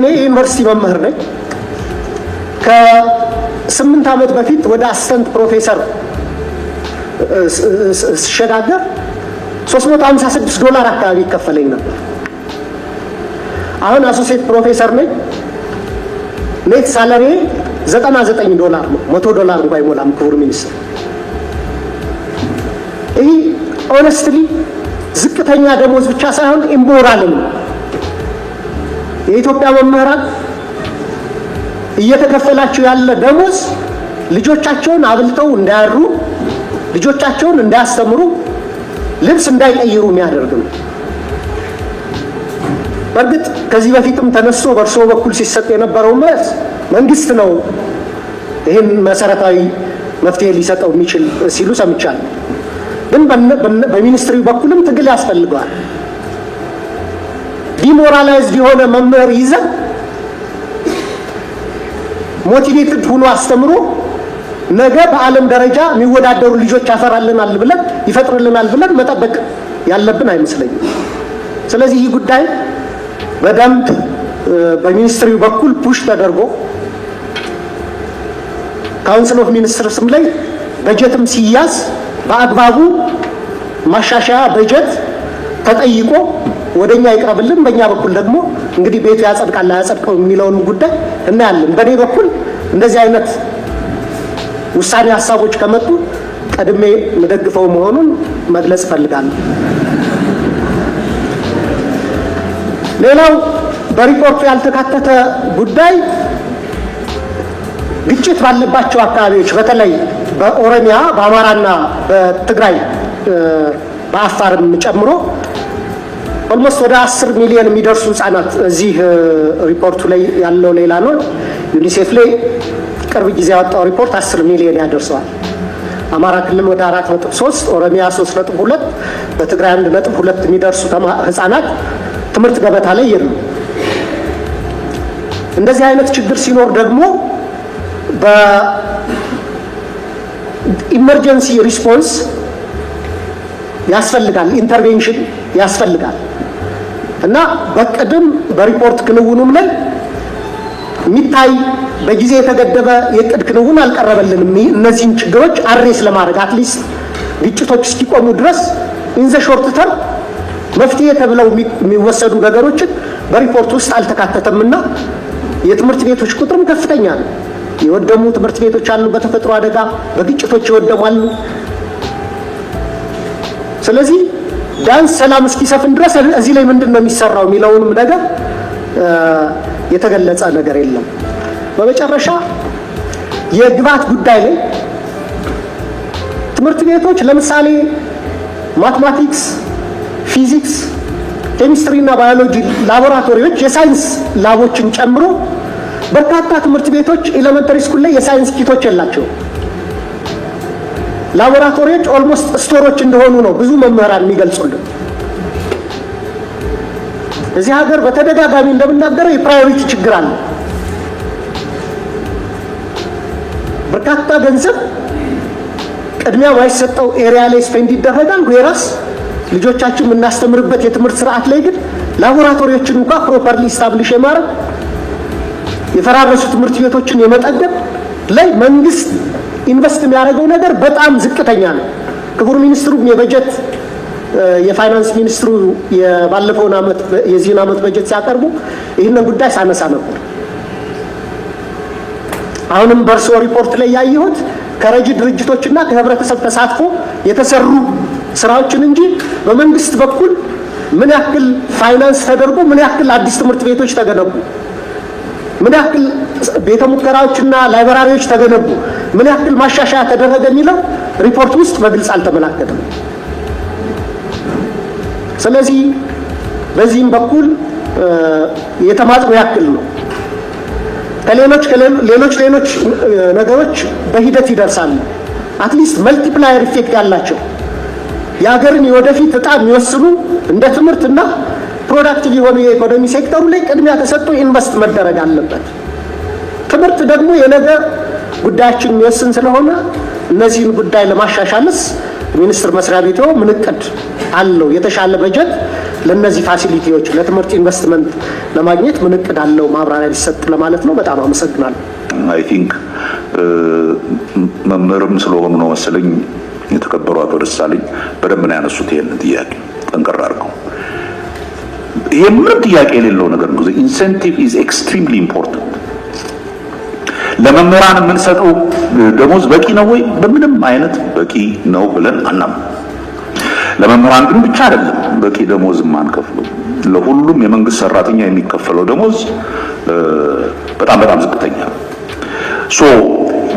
እኔ ዩኒቨርሲቲ መምህር ነኝ። ከስምንት ዓመት በፊት ወደ አሰንት ፕሮፌሰር ስሸጋገር 356 ዶላር አካባቢ ይከፈለኝ ነበር። አሁን አሶሴት ፕሮፌሰር ነኝ። ኔት ሳለሪ 99 ዶላር ነው። 100 ዶላር እንኳ አይሞላም። ክቡር ሚኒስትር፣ ይህ ኦነስትሊ ዝቅተኛ ደሞዝ ብቻ ሳይሆን ኢምቦራልም ነው። የኢትዮጵያ መምህራን እየተከፈላቸው ያለ ደሞዝ ልጆቻቸውን አብልተው እንዳያሩ፣ ልጆቻቸውን እንዳያስተምሩ፣ ልብስ እንዳይቀይሩ የሚያደርግ ነው። በእርግጥ ከዚህ በፊትም ተነስቶ በእርስዎ በኩል ሲሰጥ የነበረው መልስ መንግስት ነው ይህን መሰረታዊ መፍትሄ ሊሰጠው የሚችል ሲሉ ሰምቻለሁ። ግን በሚኒስትሪ በኩልም ትግል ያስፈልገዋል። ዲሞራላይዝድ የሆነ መምህር ይዘ ሞቲቬትድ ሁኖ አስተምሮ ነገ በዓለም ደረጃ የሚወዳደሩ ልጆች ያፈራልናል ብለን ይፈጥርልናል ብለን መጠበቅ ያለብን አይመስለኝም። ስለዚህ ይህ ጉዳይ በደንብ በሚኒስትሪው በኩል ፑሽ ተደርጎ ካውንስል ኦፍ ሚኒስትርስም ስም ላይ በጀትም ሲያዝ በአግባቡ ማሻሻያ በጀት ተጠይቆ ወደኛ ይቅረብልን። በእኛ በኩል ደግሞ እንግዲህ ቤቱ ያጸድቃል አያጸድቀው የሚለውን ጉዳይ እናያለን። በእኔ በኩል እንደዚህ አይነት ውሳኔ ሀሳቦች ከመጡ ቀድሜ የምደግፈው መሆኑን መግለጽ እፈልጋለሁ። ሌላው በሪፖርቱ ያልተካተተ ጉዳይ ግጭት ባለባቸው አካባቢዎች በተለይ በኦሮሚያ፣ በአማራና በትግራይ በአፋርም ጨምሮ ኦልሞስት ወደ አስር ሚሊዮን የሚደርሱ ህጻናት እዚህ ሪፖርቱ ላይ ያለው ሌላ ነው። ዩኒሴፍ ላይ ቅርብ ጊዜ ያወጣው ሪፖርት አስር ሚሊዮን ያደርሰዋል። አማራ ክልል ወደ አራት ነጥብ ሶስት ኦሮሚያ ሶስት ነጥብ ሁለት በትግራይ አንድ ነጥብ ሁለት የሚደርሱ ህጻናት ትምህርት ገበታ ላይ የሉ። እንደዚህ አይነት ችግር ሲኖር ደግሞ በኢመርጀንሲ ሪስፖንስ ያስፈልጋል፣ ኢንተርቬንሽን ያስፈልጋል። እና በቅድም በሪፖርት ክንውኑም ላይ የሚታይ በጊዜ የተገደበ የቅድ ክንውን አልቀረበልንም። እነዚህን ችግሮች አድሬስ ለማድረግ አትሊስት ግጭቶች እስኪቆሙ ድረስ ኢንዘ ሾርት ተር መፍትሄ ተብለው የሚወሰዱ ነገሮችን በሪፖርት ውስጥ አልተካተተምና የትምህርት ቤቶች ቁጥርም ከፍተኛ ነው። የወደሙ ትምህርት ቤቶች አሉ፣ በተፈጥሮ አደጋ በግጭቶች የወደሙ አሉ። ስለዚህ ቢያንስ ሰላም እስኪሰፍን ድረስ እዚህ ላይ ምንድን ነው የሚሰራው የሚለውንም ነገር የተገለጸ ነገር የለም። በመጨረሻ የግብዓት ጉዳይ ላይ ትምህርት ቤቶች ለምሳሌ ማትማቲክስ፣ ፊዚክስ፣ ኬሚስትሪ እና ባዮሎጂ ላቦራቶሪዎች የሳይንስ ላቦችን ጨምሮ በርካታ ትምህርት ቤቶች ኤሌመንተሪ ስኩል ላይ የሳይንስ ኪቶች የላቸውም። ላቦራቶሪዎች ኦልሞስት ስቶሮች እንደሆኑ ነው ብዙ መምህራን የሚገልጹልን። እዚህ ሀገር በተደጋጋሚ እንደምናገረው የፕራዮሪቲ ችግር አለ። በርካታ ገንዘብ ቅድሚያ ማይሰጠው ኤሪያ ላይ ስፔንድ ይደረጋል። ዌራስ ልጆቻችን የምናስተምርበት የትምህርት ስርዓት ላይ ግን ላቦራቶሪዎችን እንኳ ፕሮፐርሊ ስታብሊሽ የማድረግ የፈራረሱ ትምህርት ቤቶችን የመጠገብ ላይ መንግስት ኢንቨስት የሚያደርገው ነገር በጣም ዝቅተኛ ነው። ክቡር ሚኒስትሩ የበጀት የፋይናንስ ሚኒስትሩ የባለፈውን ዓመት የዚህን ዓመት በጀት ሲያቀርቡ ይህንን ጉዳይ ሳነሳ ነበር። አሁንም በእርስዎ ሪፖርት ላይ ያየሁት ከረጂ ድርጅቶችና ከህብረተሰብ ተሳትፎ የተሰሩ ስራዎችን እንጂ በመንግስት በኩል ምን ያክል ፋይናንስ ተደርጎ ምን ያክል አዲስ ትምህርት ቤቶች ተገነቡ፣ ምን ያክል ቤተ ሙከራዎችና ላይብራሪዎች ተገነቡ ምን ያክል ማሻሻያ ተደረገ የሚለው ሪፖርት ውስጥ በግልጽ አልተመላከተም። ስለዚህ በዚህም በኩል የተማጽኖ ያክል ነው። ከሌሎች ሌሎች ሌሎች ነገሮች በሂደት ይደርሳሉ። አትሊስት መልቲፕላየር ኢፌክት ያላቸው የሀገርን የወደፊት እጣ የሚወስኑ እንደ ትምህርትና ፕሮዳክቲቭ የሆኑ የኢኮኖሚ ሴክተሩ ላይ ቅድሚያ ተሰጥቶ ኢንቨስት መደረግ አለበት። ትምህርት ደግሞ የነገ ጉዳያችን የሚወስን ስለሆነ እነዚህን ጉዳይ ለማሻሻልስ ሚኒስትር መስሪያ ቤቱ ምን እቅድ አለው? የተሻለ በጀት ለእነዚህ ፋሲሊቲዎች ለትምህርት ኢንቨስትመንት ለማግኘት ምን እቅድ አለው? ማብራሪያ ሊሰጥ ለማለት ነው። በጣም አመሰግናለሁ። አይ ቲንክ መምህርም ስለሆኑ ነው መሰለኝ የተከበሩ አቶ ደሳለኝ በደንብ ነው ያነሱት ይሄንን ጥያቄ ጠንቀር አድርገው። ምንም ጥያቄ የሌለው ነገር ነው። ኢንሴንቲቭ ኢዝ ኤክስትሪምሊ ኢምፖርታንት ለመምህራን የምንሰጠው ደሞዝ በቂ ነው ወይ? በምንም አይነት በቂ ነው ብለን አናም። ለመምህራን ግን ብቻ አይደለም በቂ ደሞዝ የማንከፍለው። ለሁሉም የመንግስት ሰራተኛ የሚከፈለው ደሞዝ በጣም በጣም ዝቅተኛ ነው። ሶ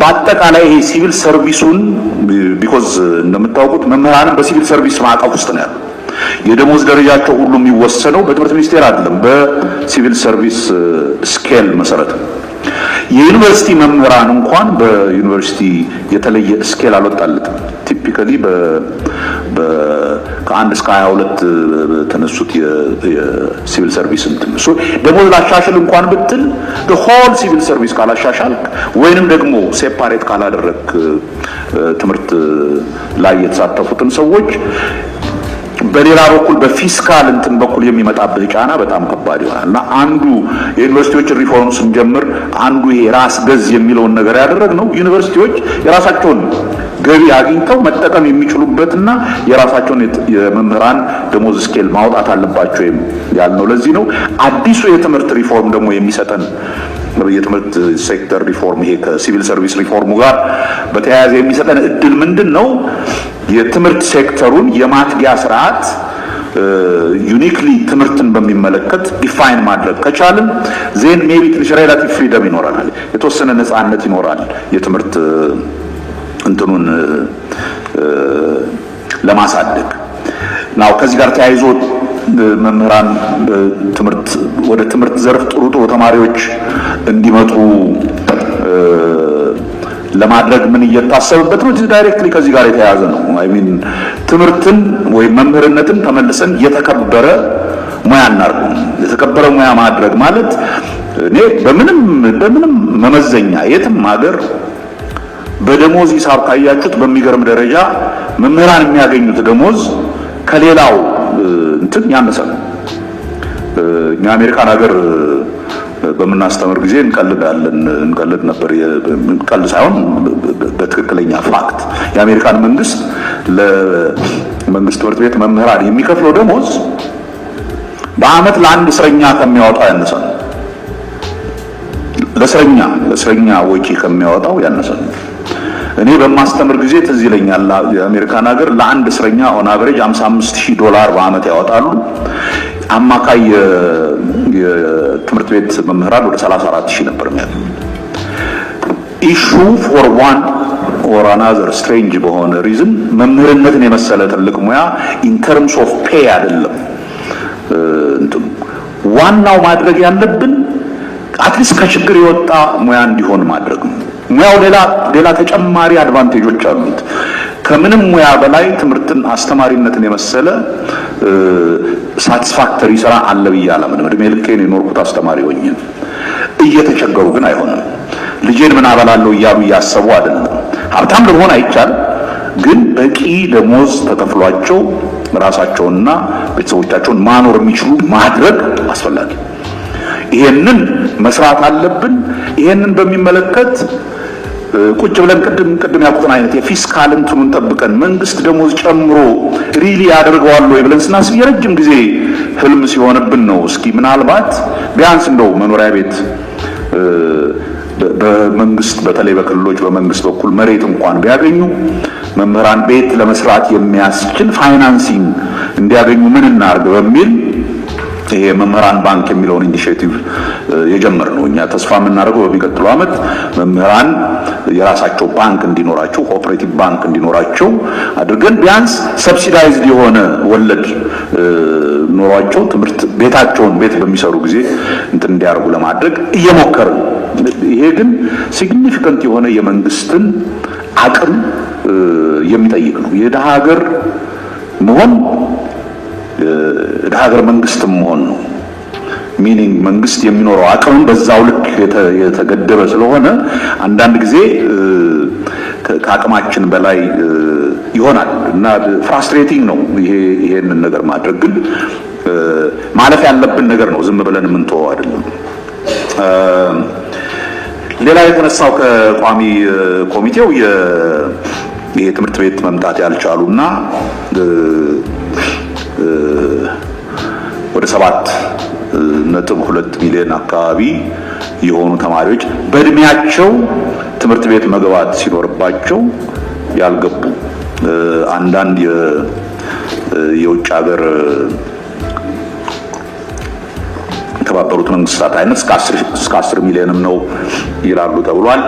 በአጠቃላይ ይሄ ሲቪል ሰርቪሱን ቢኮዝ እንደምታውቁት መምህራንም በሲቪል ሰርቪስ ማዕቀፍ ውስጥ ነው የደሞዝ ደረጃቸው ሁሉ የሚወሰነው በትምህርት ሚኒስቴር አይደለም፣ በሲቪል ሰርቪስ ስኬል መሰረት ነው። የዩኒቨርሲቲ መምህራን እንኳን በዩኒቨርሲቲ የተለየ ስኬል አልወጣለትም። ቲፒካሊ ከአንድ እስከ ሀያ ሁለት ተነሱት የሲቪል ሰርቪስ እንትን ደግሞ ላሻሽል እንኳን ብትል ሆል ሲቪል ሰርቪስ ካላሻሻል ወይንም ደግሞ ሴፓሬት ካላደረክ ትምህርት ላይ የተሳተፉትን ሰዎች በሌላ በኩል በፊስካል እንትን በኩል የሚመጣብህ ጫና በጣም ከባድ ይሆናል እና አንዱ የዩኒቨርሲቲዎች ሪፎርም ስንጀምር አንዱ ይሄ ራስ ገዝ የሚለውን ነገር ያደረግ ነው ዩኒቨርሲቲዎች የራሳቸውን ገቢ አግኝተው መጠቀም የሚችሉበትና የራሳቸውን የመምህራን ደሞዝ ስኬል ማውጣት አለባቸው ያልነው ለዚህ ነው። አዲሱ የትምህርት ሪፎርም ደግሞ የሚሰጠን የትምህርት ሴክተር ሪፎርም ይሄ ከሲቪል ሰርቪስ ሪፎርሙ ጋር በተያያዘ የሚሰጠን እድል ምንድን ነው? የትምህርት ሴክተሩን የማትጊያ ስርዓት ዩኒክሊ ትምህርትን በሚመለከት ዲፋይን ማድረግ ከቻልን ዜን ሜቢ ትንሽ ሬላቲቭ ፍሪደም ይኖረናል። የተወሰነ ነጻነት ይኖራል። የትምህርት እንትኑን ለማሳደግ ናው ከዚህ ጋር ተያይዞ መምህራን ትምህርት ወደ ትምህርት ዘርፍ ጥሩ ጥሩ ተማሪዎች እንዲመጡ ለማድረግ ምን እየታሰበበት ነው? ዳይሬክትሊ ከዚህ ጋር የተያያዘ ነው። አይ ሚን ትምህርትን ወይም መምህርነትን ተመልሰን የተከበረ ሙያ እናርጉ። የተከበረ ሙያ ማድረግ ማለት እኔ በምንም በምንም መመዘኛ የትም ሀገር በደሞዝ ሂሳብ ካያችሁት በሚገርም ደረጃ መምህራን የሚያገኙት ደሞዝ ከሌላው እንትን ያነሳል። እኛ አሜሪካን ሀገር በምናስተምር ጊዜ እንቀልዳለን። እንቀልድ ነበር። ቀልድ ሳይሆን በትክክለኛ ፋክት የአሜሪካን መንግስት ለመንግስት ትምህርት ቤት መምህራን የሚከፍለው ደሞዝ በአመት ለአንድ እስረኛ ከሚያወጣው ያነሰ ነው። ለእስረኛ ለእስረኛ ወጪ ከሚያወጣው ያነሰ ነው። እኔ በማስተምር ጊዜ ትዝ ይለኛል የአሜሪካን ሀገር ለአንድ እስረኛ ኦን አቨሬጅ 55000 ዶላር በአመት ያወጣሉ። አማካይ የትምህርት ቤት መምህራን ወደ 34000 ነበር የሚያገኙ። ኢሹ ፎር ዋን ኦር አናዘር ስትሬንጅ በሆነ ሪዝን መምህርነትን የመሰለ ትልቅ ሙያ ኢን ተርምስ ኦፍ ፔይ አይደለም እንትም ዋናው ማድረግ ያለብን አትሊስት ከችግር የወጣ ሙያ እንዲሆን ማድረግ ነው። ሙያው ሌላ ሌላ ተጨማሪ አድቫንቴጆች አሉት። ከምንም ሙያ በላይ ትምህርትን አስተማሪነትን የመሰለ ሳቲስፋክተሪ ስራ አለ ብዬ አላምንም። እድሜ ልኬን የኖርኩት አስተማሪ ሆኜ እየተቸገሩ ግን አይሆንም። ልጄን ምን አበላለሁ እያሉ እያሰቡ አይደለም። ሀብታም ለመሆን አይቻልም፣ ግን በቂ ደሞዝ ተከፍሏቸው ራሳቸውንና ቤተሰቦቻቸውን ማኖር የሚችሉ ማድረግ አስፈላጊ። ይሄንን መስራት አለብን። ይሄንን በሚመለከት ቁጭ ብለን ቅድም ቅድም ያልኩትን አይነት የፊስካል እንትኑን ጠብቀን መንግስት ደሞዝ ጨምሮ ሪሊ ያደርገዋል ወይ ብለን ስናስብ የረጅም ጊዜ ህልም ሲሆንብን ነው። እስኪ ምናልባት ቢያንስ እንደው መኖሪያ ቤት በመንግስት በተለይ በክልሎች በመንግስት በኩል መሬት እንኳን ቢያገኙ መምህራን ቤት ለመስራት የሚያስችል ፋይናንሲንግ እንዲያገኙ ምን እናርግ በሚል ይሄ መምህራን ባንክ የሚለውን ኢኒሽቲቭ የጀመር ነው። እኛ ተስፋ የምናደርገው በሚቀጥለው ዓመት መምህራን የራሳቸው ባንክ እንዲኖራቸው ኮኦፕሬቲቭ ባንክ እንዲኖራቸው አድርገን ቢያንስ ሰብሲዳይዝድ የሆነ ወለድ ኖሯቸው ትምህርት ቤታቸውን ቤት በሚሰሩ ጊዜ እንትን እንዲያደርጉ ለማድረግ እየሞከርን ይሄ ግን ሲግኒፊካንት የሆነ የመንግስትን አቅም የሚጠይቅ ነው። የድሃ ሀገር መሆን ለሀገር መንግስት መሆን ነው። ሚኒንግ መንግስት የሚኖረው አቅም በዛው ልክ የተገደበ ስለሆነ አንዳንድ ጊዜ ከአቅማችን በላይ ይሆናል እና ፍራስትሬቲንግ ነው። ይሄንን ነገር ማድረግ ግን ማለፍ ያለብን ነገር ነው። ዝም ብለን የምንተወው አይደለም። ሌላ የተነሳው ከቋሚ ኮሚቴው የትምህርት ቤት መምጣት ያልቻሉ እና ወደ ሰባት ነጥብ ሁለት ሚሊዮን አካባቢ የሆኑ ተማሪዎች በእድሜያቸው ትምህርት ቤት መግባት ሲኖርባቸው ያልገቡ አንዳንድ የውጭ ሀገር የተባበሩት መንግስታት አይነት እስከ አስር ሚሊዮንም ነው ይላሉ ተብሏል።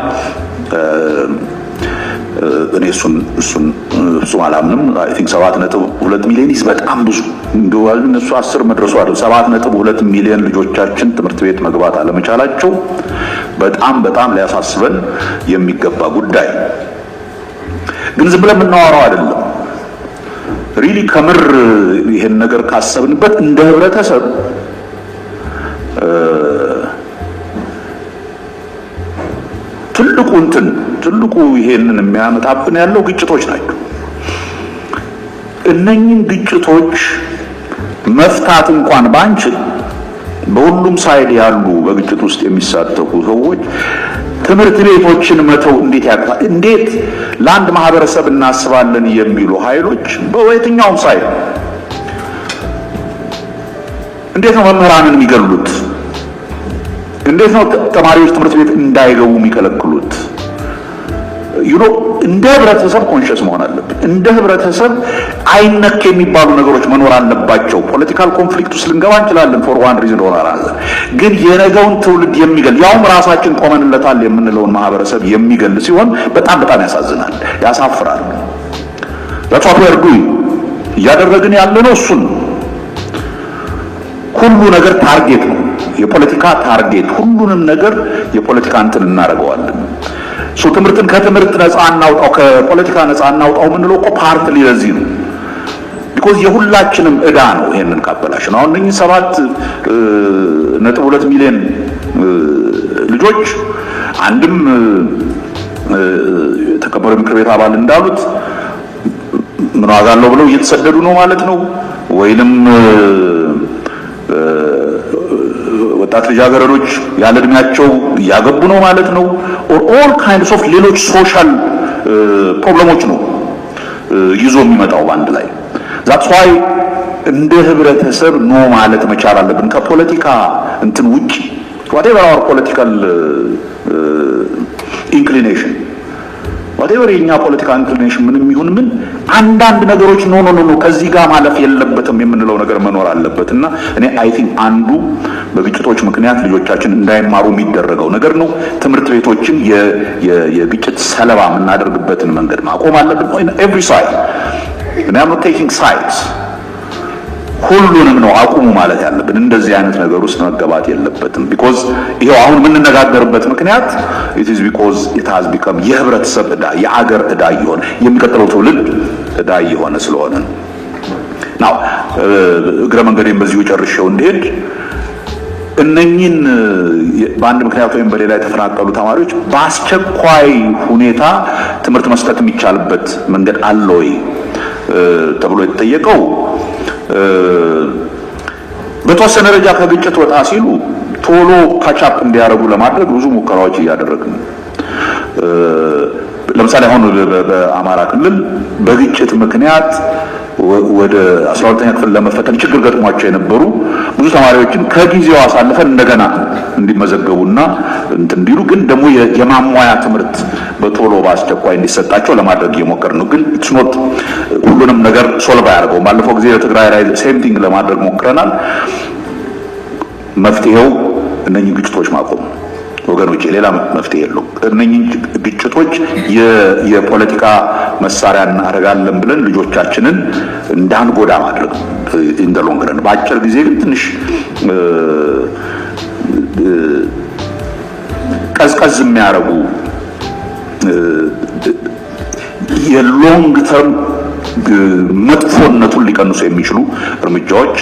እኔ እሱን እሱን እሱም አላምንም። አይ ቲንክ ሰባት ነጥብ ሁለት ሚሊዮን ይዝ በጣም ብዙ እንደዋል እነሱ አስር መድረሱ አለ። ሰባት ነጥብ ሁለት ሚሊዮን ልጆቻችን ትምህርት ቤት መግባት አለመቻላቸው በጣም በጣም ሊያሳስበን የሚገባ ጉዳይ ግን ዝም ብለን የምናወራው አይደለም። ሪሊ ከምር ይሄን ነገር ካሰብንበት እንደ ህብረተሰብ ትልቁ እንትን ትልቁ ይሄንን የሚያመጣብን ያለው ግጭቶች ናቸው። እነኝን ግጭቶች መፍታት እንኳን ባንችል በሁሉም ሳይድ ያሉ በግጭት ውስጥ የሚሳተፉ ሰዎች ትምህርት ቤቶችን መተው እንዴት ያቅታ? እንዴት ለአንድ ማህበረሰብ እናስባለን የሚሉ ኃይሎች በየትኛውም ሳይድ እንዴት ነው መምህራንን የሚገሉት? እንዴት ነው ተማሪዎች ትምህርት ቤት እንዳይገቡ የሚከለክሉ? ዩኖ እንደ ህብረተሰብ ኮንሽስ መሆን አለብን። እንደ ህብረተሰብ አይነክ የሚባሉ ነገሮች መኖር አለባቸው። ፖለቲካል ኮንፍሊክት ውስጥ ልንገባ እንችላለን ፎር ዋን ሪዝን ሆነ ግን የነገውን ትውልድ የሚገል ያውም ራሳችን ቆመንለታል የምንለውን ማህበረሰብ የሚገል ሲሆን በጣም በጣም ያሳዝናል፣ ያሳፍራል። ለቷቱ ያርዱ እያደረግን ነው። እሱን ነው። ሁሉ ነገር ታርጌት ነው፣ የፖለቲካ ታርጌት። ሁሉንም ነገር የፖለቲካ እንትን እናደርገዋለን። ትምህርትን ከትምህርት ነፃ እናውጣው፣ ከፖለቲካ ነፃ እናውጣው የምንለው እኮ ፓርት ሊለዚህ ነው። ቢኮዝ የሁላችንም እዳ ነው። ይሄንን ካበላሽ ነው። አሁን እነኚህ ሰባት ነጥብ ሁለት ሚሊዮን ልጆች አንድም የተከበረ ምክር ቤት አባል እንዳሉት ምን ዋጋ አለው ብለው እየተሰደዱ ነው ማለት ነው ወይንም ወጣት ልጃገረዶች ያለ እድሜያቸው እያገቡ ነው ማለት ነው። ኦር ኦል ካይንድስ ኦፍ ሌሎች ሶሻል ፕሮብለሞች ነው ይዞ የሚመጣው በአንድ ላይ ዛትስ ዋይ እንደ ህብረተሰብ ኖ ማለት መቻል አለብን። ከፖለቲካ እንትን ውጭ ዋቴቨር አወር ፖለቲካል ኢንክሊኔሽን ዋቴቨር የኛ ፖለቲካ ኢንክሊኔሽን ምንም ይሁን ምን አንዳንድ ነገሮች ኖ ኖ ኖ ከዚህ ጋር ማለፍ የለበትም የምንለው ነገር መኖር አለበት እና እኔ አይ ቲንክ አንዱ በግጭቶች ምክንያት ልጆቻችን እንዳይማሩ የሚደረገው ነገር ነው። ትምህርት ቤቶችን የግጭት ሰለባ የምናደርግበትን መንገድ ማቆም አለብን። ኤቭሪ ሳይድ ቴኪንግ ሳይድስ ሁሉንም ነው አቁሙ ማለት ያለብን። እንደዚህ አይነት ነገር ውስጥ መገባት የለበትም። ቢኮዝ ይሄው አሁን የምንነጋገርበት ምክንያት ኢት ኢዝ ቢኮዝ ኢት ሃዝ ቢከም የህብረተሰብ እዳ፣ የአገር እዳ እየሆነ የሚቀጥለው ትውልድ እዳ እየሆነ ስለሆነ ነው። ናው እግረ መንገዴን በዚሁ ጨርሼው እንዲሄድ እነኚህን በአንድ ምክንያት ወይም በሌላ የተፈናቀሉ ተማሪዎች በአስቸኳይ ሁኔታ ትምህርት መስጠት የሚቻልበት መንገድ አለ ወይ ተብሎ የተጠየቀው በተወሰነ ደረጃ ከግጭት ወጣ ሲሉ ቶሎ ካቻፕ እንዲያደርጉ ለማድረግ ብዙ ሙከራዎች እያደረግን ነው። ለምሳሌ አሁን በአማራ ክልል በግጭት ምክንያት ወደ 12ኛ ክፍል ለመፈተን ችግር ገጥሟቸው የነበሩ ብዙ ተማሪዎችን ከጊዜው አሳልፈን እንደገና እንዲመዘገቡና እንትን እንዲሉ ግን ደግሞ የማሟያ ትምህርት በቶሎ በአስቸኳይ እንዲሰጣቸው ለማድረግ እየሞከር ነው። ግን ስኖት ሁሉንም ነገር ሶልቭ አያደርገውም። ባለፈው ጊዜ ለትግራይ ላይ ሴም ቲንግ ለማድረግ ሞክረናል። መፍትሄው እነኚህ ግጭቶች ማቆም ወገኖቼ፣ ሌላ መፍትሄ የለውም። እነኚህ ግጭቶች የፖለቲካ መሳሪያ እናደርጋለን ብለን ልጆቻችንን እንዳንጎዳ ማድረግ እንደሎንግረን። በአጭር ጊዜ ግን ትንሽ ቀዝቀዝ የሚያደርጉ የሎንግ ተርም መጥፎነቱን ሊቀንሱ የሚችሉ እርምጃዎች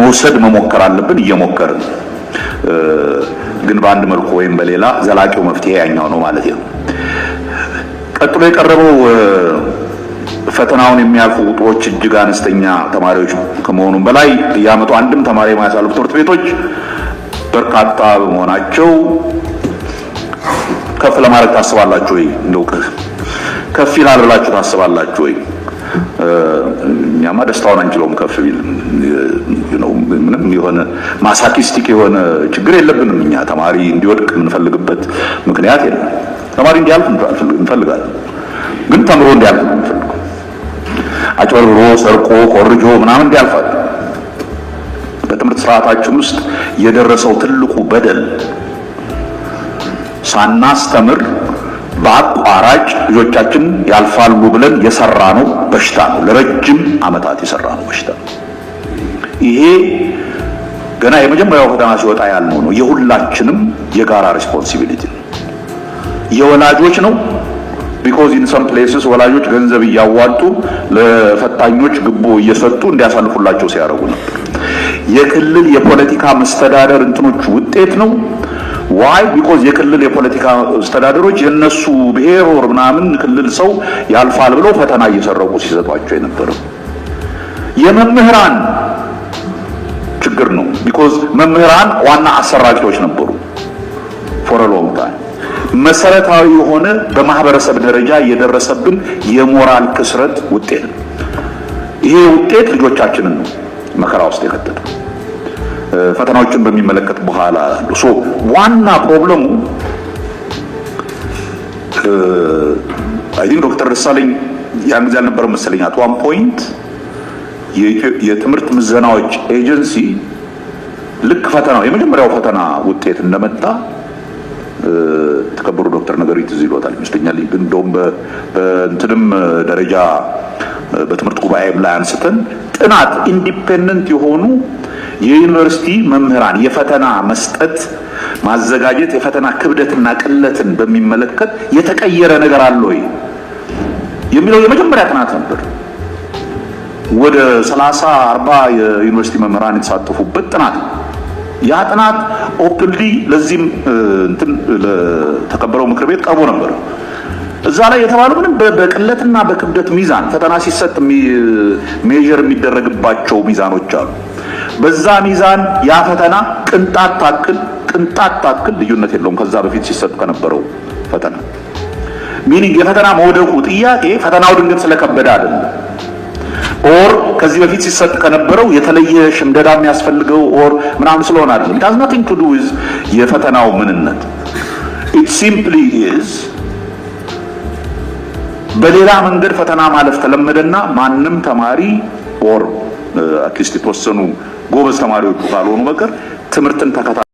መውሰድ መሞከር አለብን። እየሞከርን ግን በአንድ መልኩ ወይም በሌላ ዘላቂው መፍትሄ ያኛው ነው ማለት ነው። ቀጥሎ የቀረበው ፈተናውን የሚያልፉ ቁጥሮች እጅግ አነስተኛ ተማሪዎች ከመሆኑም በላይ ያመጡ አንድም ተማሪ የማያሳልፉ ትምህርት ቤቶች በርካታ በመሆናቸው ከፍ ለማድረግ ታስባላችሁ ወይ? እንደው ከፍ ይላል ብላችሁ ታስባላችሁ ወይ? እኛማ ደስታውን አንችለውም። ከፍ ቢል ምንም የሆነ ማሳኪስቲክ የሆነ ችግር የለብንም። እኛ ተማሪ እንዲወድቅ የምንፈልግበት ምክንያት የለም። ተማሪ እንዲያልፍ እንፈልጋለን፣ ግን ተምሮ እንዲያልፍ ነው የምንፈልገው። አጭበርብሮ፣ ሰርቆ፣ ኮርጆ ምናምን እንዲያልፋል። በትምህርት ስርዓታችን ውስጥ የደረሰው ትልቁ በደል ሳናስተምር በአቋራጭ ልጆቻችን ያልፋሉ ብለን የሰራ ነው በሽታ ነው። ለረጅም ዓመታት የሰራ ነው በሽታ ነው። ይሄ ገና የመጀመሪያው ፈተና ሲወጣ ያልነው ነው። የሁላችንም የጋራ ሪስፖንሲቢሊቲ ነው። የወላጆች ነው። ቢኮዝ ኢን ሰም ፕሌስስ ወላጆች ገንዘብ እያዋጡ ለፈታኞች ግቦ እየሰጡ እንዲያሳልፉላቸው ሲያደርጉ ነበር። የክልል የፖለቲካ መስተዳደር እንትኖች ውጤት ነው። ዋይ ቢኮዝ የክልል የፖለቲካ አስተዳደሮች የነሱ ብሔር ምናምን ክልል ሰው ያልፋል ብለው ፈተና እየሰረቁ ሲሰጧቸው የነበረው የመምህራን ችግር ነው። ቢኮዝ መምህራን ዋና አሰራቂዎች ነበሩ ፎረሎም ታይም መሰረታዊ የሆነ በማህበረሰብ ደረጃ የደረሰብን የሞራል ክስረት ውጤት ነው። ይሄ ውጤት ልጆቻችንን ነው መከራ ውስጥ የከተተው። ፈተናዎችን በሚመለከት በኋላ አሉ። ሶ ዋና ፕሮብለሙ አይ ቲንክ ዶክተር ደሳለኝ ያን ጊዜ አልነበረ መሰለኝ አት ዋን ፖይንት የትምህርት ምዘናዎች ኤጀንሲ ልክ ፈተናው የመጀመሪያው ፈተና ውጤት እንደመጣ የተከበሩ ዶክተር ነገሪት እዚህ ይሎታል ይመስለኛል። እንደውም በእንትንም ደረጃ በትምህርት ጉባኤም ላይ አንስተን ጥናት ኢንዲፔንደንት የሆኑ የዩኒቨርሲቲ መምህራን የፈተና መስጠት ማዘጋጀት የፈተና ክብደትና ቅለትን በሚመለከት የተቀየረ ነገር አለ ወይ የሚለው የመጀመሪያ ጥናት ነበር። ወደ 30 40 የዩኒቨርሲቲ መምህራን የተሳተፉበት ጥናት ያ ጥናት ኦፕንሊ ለዚህም እንትን ለተከበረው ምክር ቤት ቀርቦ ነበር። እዛ ላይ የተባለው ምንም በቅለትና በክብደት ሚዛን ፈተና ሲሰጥ ሜዥር የሚደረግባቸው ሚዛኖች አሉ። በዛ ሚዛን ያ ፈተና ቅንጣት ታክል ቅንጣት ታክል ልዩነት የለውም ከዛ በፊት ሲሰጥ ከነበረው ፈተና ሚኒንግ የፈተና መውደቁ ጥያቄ ፈተናው ድንገት ስለከበደ አይደለም። ኦር ከዚህ በፊት ሲሰጥ ከነበረው የተለየ ሽምደዳ የሚያስፈልገው ኦር ምናምን ስለሆነ አይደለም። ኢት ሃዝ ናቲንግ ቱ ዱ ዊዝ የፈተናው ምንነት ኢት ሲምፕሊ ኢዝ በሌላ መንገድ ፈተና ማለፍ ተለመደና ማንም ተማሪ ኦር አትሊስት uh, የተወሰኑ ጎበዝ ተማሪዎቹ ካልሆኑ በቀር ትምህርትን ተከታ